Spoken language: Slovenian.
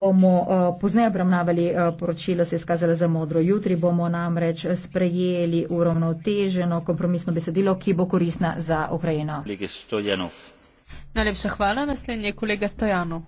bomo eh, pozneje obravnavali eh, poročilo, se je skazala za modro. Jutri bomo namreč sprejeli uravnoteženo kompromisno besedilo, ki bo korisna za Ukrajino. Najlepša hvala, naslednji je kolega Stojanov.